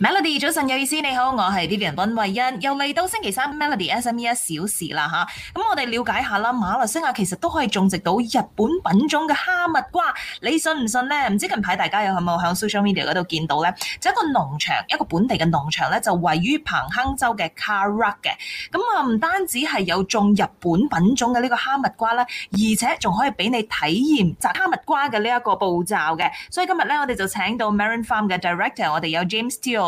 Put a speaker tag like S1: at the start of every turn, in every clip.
S1: Melody 早晨有意思，你好，我係 Dillian 溫慧欣，又嚟到星期三 Melody SME 一小時啦吓。咁我哋了解下啦，馬來西亞其實都可以種植到日本品種嘅哈密瓜，你信唔信呢？唔知近排大家有冇喺 social media 嗰度見到呢？就一個農場，一個本地嘅農場呢，就位於彭亨州嘅 Karak 嘅。咁啊，唔單止係有種日本品種嘅呢個哈密瓜呢，而且仲可以俾你體驗摘哈密瓜嘅呢一個步驟嘅。所以今日呢，我哋就請到 Marin Farm 嘅 Director，我哋有 James Steele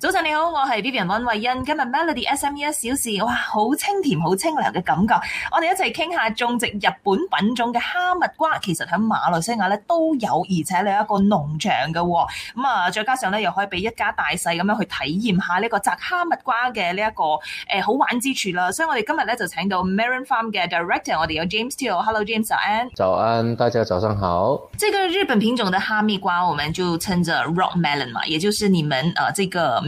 S1: 早上你好，我係 Vivian 溫慧欣。今日 Melody SME 一小時，哇，好清甜，好清涼嘅感覺。我哋一齊傾下種植日本品種嘅哈密瓜，其實喺馬來西亞咧都有，而且你有一個農場嘅。咁啊，再加上咧又可以俾一家大細咁樣去體驗下呢個摘哈密瓜嘅呢一個誒好玩之處啦。所以我哋今日咧就請到 Marin Farm 嘅 Director，我哋有 James，Hello James，早安。
S2: 早安，大家早上好。
S1: 這個日本品種的哈密瓜，我們就稱作 Rock Melon 嘛，也就是你們啊，這個。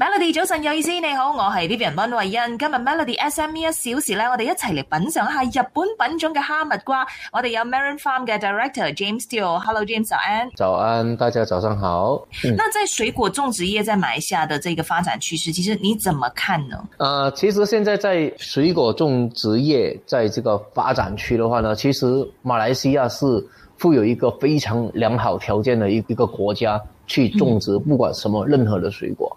S1: Melody 早晨，有意思，你好，我係 Vivian 溫慧欣。今日 Melody SME 一小時咧，我哋一齊嚟品嘗一下日本品種嘅哈密瓜。我哋有 Marin Farm 嘅 Director James Steel，Hello James，早安。
S2: 早安，大家早上好。那
S1: 在水果種植業在馬來西亞的這個發展趨勢，其實你怎麼看呢？
S2: 呃其實現在在水果種植業在這個發展區的話呢，其實馬來西亞是富有一個非常良好條件的一一個國家去種植，mm -hmm. 不管什麼任何的水果。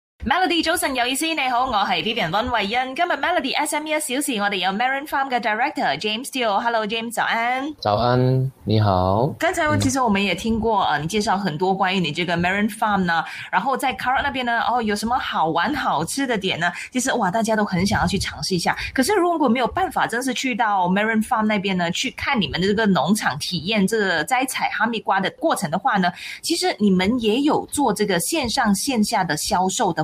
S1: Melody 早晨有意思，你好，我是 Vivian 温慧欣。今日 Melody SME 一小時，我哋有 Marin Farm 嘅 Director James Steele。Hello James，早安。
S2: 早安，你好。
S1: 剛才其實我們也聽過啊，你介紹很多關於你這個 Marin Farm 呢，然後在 Carrot 那邊呢，哦，有什麼好玩好吃的點呢？其實哇，大家都很想要去嘗試一下。可是如果沒有辦法，真是去到 Marin Farm 那邊呢，去看你們的這個農場體驗，這個摘採哈密瓜的過程的話呢，其實你們也有做這個線上線下的銷售的。